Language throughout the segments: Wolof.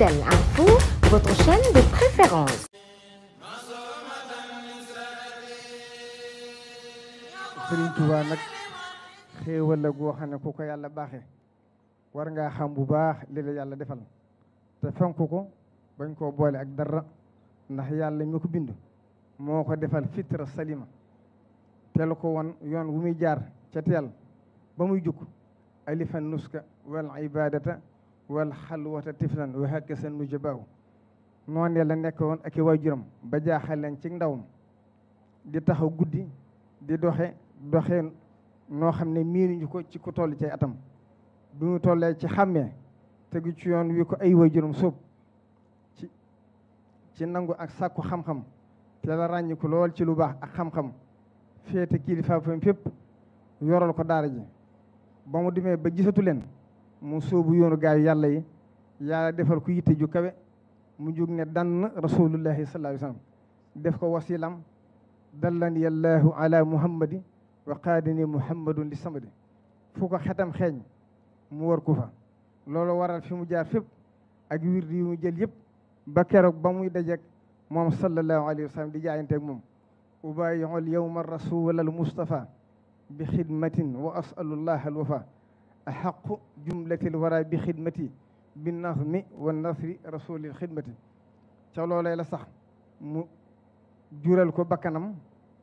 Fidèle Info, votre chaîne de préférence. Sëriñ Tuubaa nag xéewal la goo xam ku ko Yalla baxé war nga xam bu baax li la yàlla defal te fonk ko bañ ko bolé ak dara ndax Yalla mi ko bindu moko ko defal fitra salima teel ko won yoon wu muy jaar ca teel ba muy jukk alifan nuska wal ibadata wal xalwata tiflan wa hakka seen nu jabaaw noonee la nekk woon ak i waajuram ba jaaxal leen ci ndawam di taxaw guddi di doxe doxe noo xam ne miinuñu ko ci ku toll ci atam bu ñu tollee ci xàmmee tegu ci yoon wi ko ay waajuram sóob ci ci nangu ak sàkku xam-xam te la ràññiku lool ci lu baax ak xam-xam féete kilifa fam fépp yoral ko daara ji ba mu demee ba jisatu leen mu soobu yoonu gaa yi yàlla yi yàlla defal ko yitte ju kawe mu jóg ne dann rasulullahi sallallahu alayhi wa sallam def ko wasilam dallani allahu ala muhammadi wa qaadani muhammadun li samadi fu ko xetam xeeñ mu war ko fa loolu waral fi mu jaar fépp ak wirdi yu mu jël yëpp ba keroog ba muy dajeek moom sallallahu alayhi wa sallam di jaayanteeg moom ubayiul yowma rasul al mustafa bi xidmatin wa asalullah al wafa أحق جملة الورى بخدمتي بالنظم والنصر رسول الخدمة ca loolee la sax mu jural ko bakkanam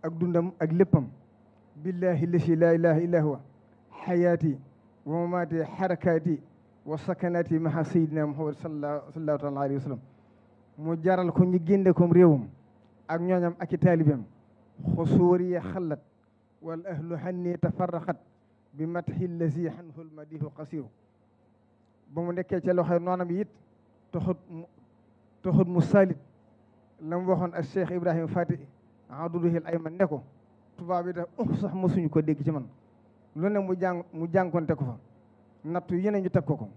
ak dundam ak léppam billahi lasi laa ilaha illa huwa xayaati wa mamaati xarakaati wa sakanaati maha sayidina muhammad sallallahu taala alayhi wa sallam mu jaral ko ñu génde kom réewam ak ñooñam ak i taalibeem xusóoriya xallat wal ahlu hanni tafarraxat bi matxi lasi xanhu lmadihu qasiru ba mu nekkee ca loxoy noonam it taxut mu taxut mu salit la mu waxoon ak Cheikh Ibrahima Fati aduduhil ayman ne ko tubaab yi daf ux sax mosuñu ko dégg ci man lu ne mu jàng mu jànkonte ko fa nattu yeneen ñu teg ko ko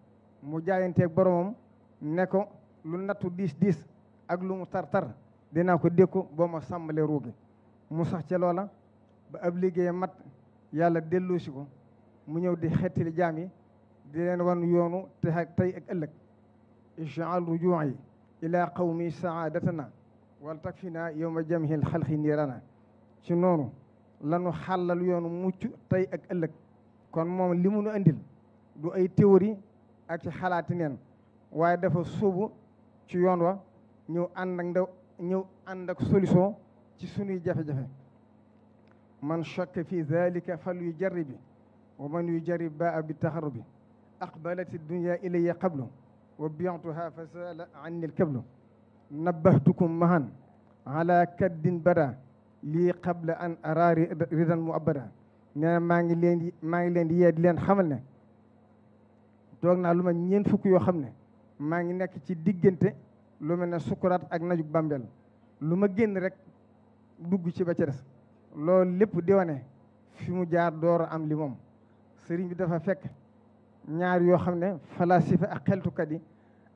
mu jaayanteeg boromam ne ko lu nattu diis diis ak lu mu tar tar dinaa ko dékku boo ma sàmmalee ruugi mu sax ca loola ba ab liggéeyam mat yàlla delloosi ko mu ñëw di xettali jaam yi di leen wan yoonu te tey ak ëllëg ijaal rujuu'i ilaa qawmi saadatana wal takfina yowma jamhil xalqi niirana ci noonu lanu xàllal yoonu mucc tey ak ëlëk kon moom li mu nu andil du ay théorie ak ci xalaati neen waaye dafa sóobu ci yoon wa ñëw ànd ak ndaw ñëw ànd ak solution ci sunuy jafe-jafe man shakka fi dalika fal yu ومن يجري باء بالتخرب أقبلت الدنيا إلي قبل وبيعتها فسأل عني الكبل نبهتكم مهن على كد برا لي قبل أن أرى رضا مؤبرا نعم ما يلين دي يدلين خملنا دوغنا لما نين فوك يو خملنا ما ينك تي ديغنت لما نسكرات اك بامبل لما ген رك دوغ سي باتي ديواني لول ديواني فيمو جار دور ام لي sëriñ bi dafa fekk ñaar yoo xam ne falasifa ak xeltukat yi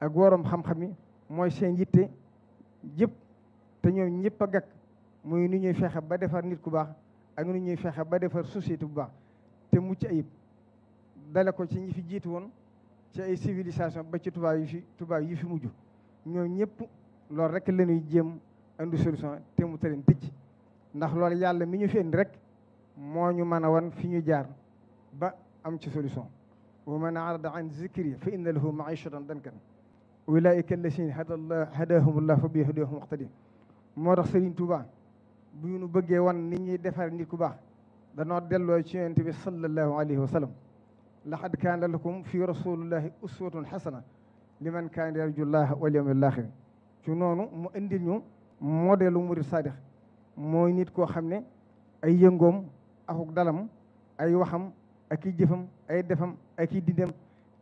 ak waroom xam-xam yi mooy seen yitte jëpp te ñoom ñëpp a gàkk muy nu ñuy fexe ba defar nit ku baax ak nu ñuy fexe ba defar société bu baax te mucc ayib dale ci ñi fi jiitu woon ci ay civilisation ba ci tubaab yu fi tubaab yu fi mujj ñoom ñëpp loolu rek la ñuy jéem indi solution te mu tëleen tëj ndax lool yàlla mi ñu fi indi rek moo ñu mën a wan fi ñu jaar ba am ci solution wa man arada an zikri fa inna lahu maishatan dankan ulaika allazina hadallah hadahumullah fa bi hadahum muqtadi moo tax Serigne Touba bu ñu bëggee wan nit ñuy defar nit ku baax danoo delloo ci yonent bi sallallahu alayhi wa sallam laqad kaana lakum fi rasulillahi uswatun xasana liman kaana yarju llaha wal yawmil axir ci noonu mu indil ñu modèle murid saadix mooy nit koo xam ne ay yëngoom akuk dalam ay waxam Aki jifam ay defam ak i didem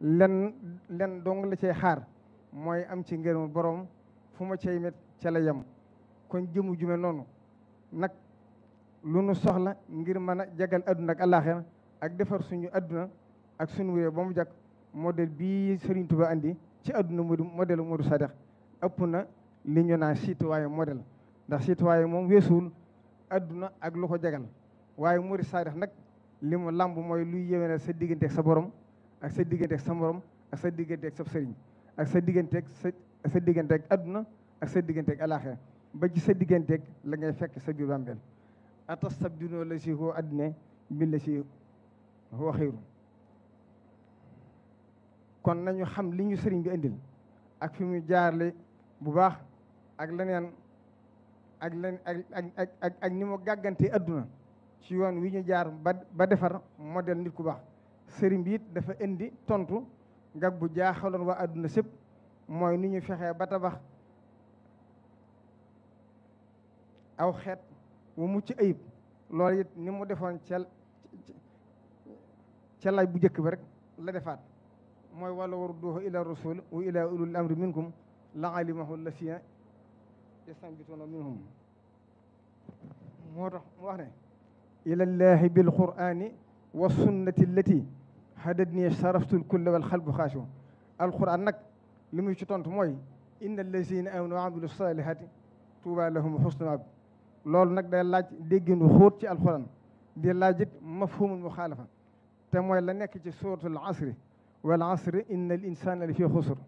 len len dong la cay xaar am ci mo borom fuma ma met ca la yem kon jëmu jume nonu nak lu nu ngir mana jagal aduna ak àllaaxira ak defar suñu aduna ak suñu wéyee jak model bi modèle bii Serigne Touba andi ci aduna mu model modèle Modou apuna ëpp na li ñu naan citoyen situ ndax citoyen wesul weesuwul adduna ak lu ko jagal waye Modou Sadikh nak li mu làmb mooy luy yéwénal sa digganteeg sa borom ak sa digganteeg sa morom ak sa digganteeg sa sëriñ ak sa digganteeg sa sa digganteeg adduna ak sa digganteeg alaaxira ba ci sa digganteeg la ngay fekk sa biir bàmbeel atas sab dinoo la si koo addina si huwa kon nañu xam li ñu ak fi mu jaarle bu baax ak leneen ak len ak ak ak ak ni gàggantee adduna ci yoon wi ñu jaar ba ba defar modèle nit ku baax sëriñ bi dafa indi tontu ngag bu jaaxaloon waa àdduna sépp mooy ni ñu fexee ba tabax aw xeet wu mucc ayib loolu it ni mu defoon ca ca bu njëkk bi rek la defaat mooy walla wala warduhu ila rasul wa ila ulul amri minkum la alimahu lasiina yastanbituuna minhum moo tax mu wax ne إلى الله بالقرآن والسنة التي حددني شرفت الكل والخلب خاشو القرآن نك لم يشتون تموي إن الذين آمنوا وعملوا الصالحات توبى لهم حسن مآب لول نك دا لاج ديغن خوت سي القرآن دي لاج مفهوم المخالفة تموي لا نك سي سورة العصر والعصر إن الإنسان لفي خسر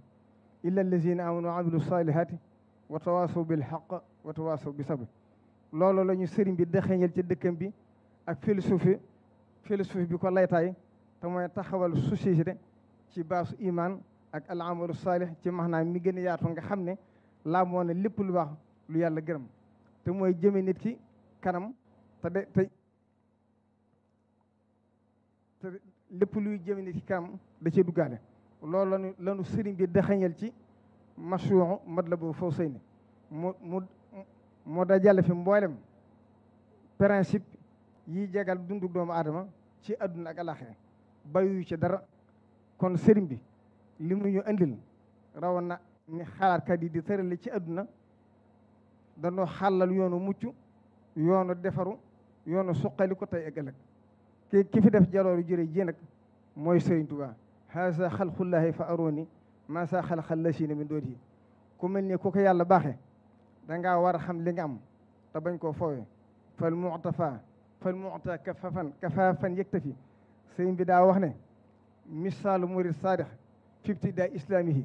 إلا الذين آمنوا وعملوا الصالحات وتواصوا بالحق وتواصوا بالصبر لولو لا ني سيرين بي دخيل سي دكم بي ak philosophie philosophie bi ko laytaay te mooy taxawal société ci baasu iman ak al amalu saalih ci maanaam mi gën a yaatu nga xam ne laa moo ne lépp lu baax lu yàlla gërëm te mooy jëme nit ki kanam te de te te lépp luy jëme nit ki kanam da cee duggaale loolu lanu lanu sëriñ bi daxañal ci mashruuxu Matlabul Fawzayni mu mu moo da jàll fi mboolem principe yi jegal dundu doomu aadama ci àdduna ak alaxira bayu kon sëriñ bi li mu ñu andil rawoon na ni xalaatkat yi di tërale ci àdduna dañoo xàllal yoonu mucc yoonu defaru yoonu suqali ko tey ak ëllëg ki ki fi def jalooru jëre ji nag mooy sëriñ Tuubaa haasa xalqullahi fal muta kafafan kafafan yektafi sëriñ bi daa wax ne misaalu murid saadix fibti daa islaamihi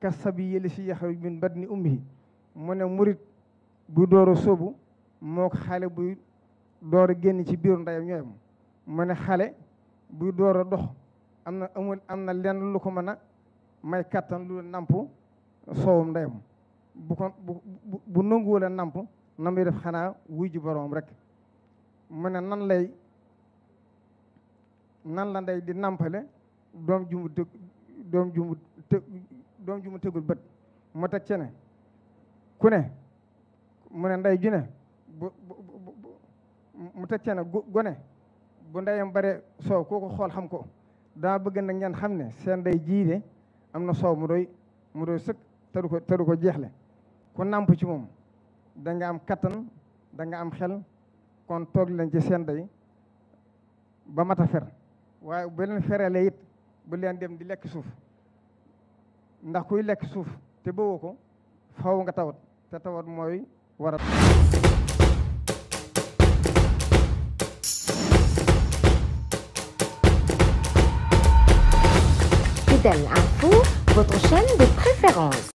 kasabi yëli si yaxruj min badni ummihi mu ne murid bu door a sóobu moo ko xale buy door a génn ci biiru ndeyam ñooyam mu ne xale buy door a dox am na amul am na lenn lu ko mën a may kattan lu namp soowum ndeyam bu ko bu bu nanguwul a namp na muy def xanaa wuy ji boroom rek mu ne nan lay nan la ndey di nampale doom ju mu tëg doom ju mu të bët mu teg ci ne ku ne mu ne ndey ju ne mu teg ci ne gone bu ndeyam bare soow kooku xool xam ko daa bëgg na ngeen xam ne seen ndey jii am na soow mu doy mu doy sëkk tëru ko tëru ko jeexle ku nàmp ci moom danga am kattan da nga am xel kon tok leen ci sen day ba mata fer way bu len fere le yit bu len dem di lek suuf ndax kuy lek suuf te bëwoo ko faw nga tawat te tawat moy waral Fidèle Info, votre chaîne de préférence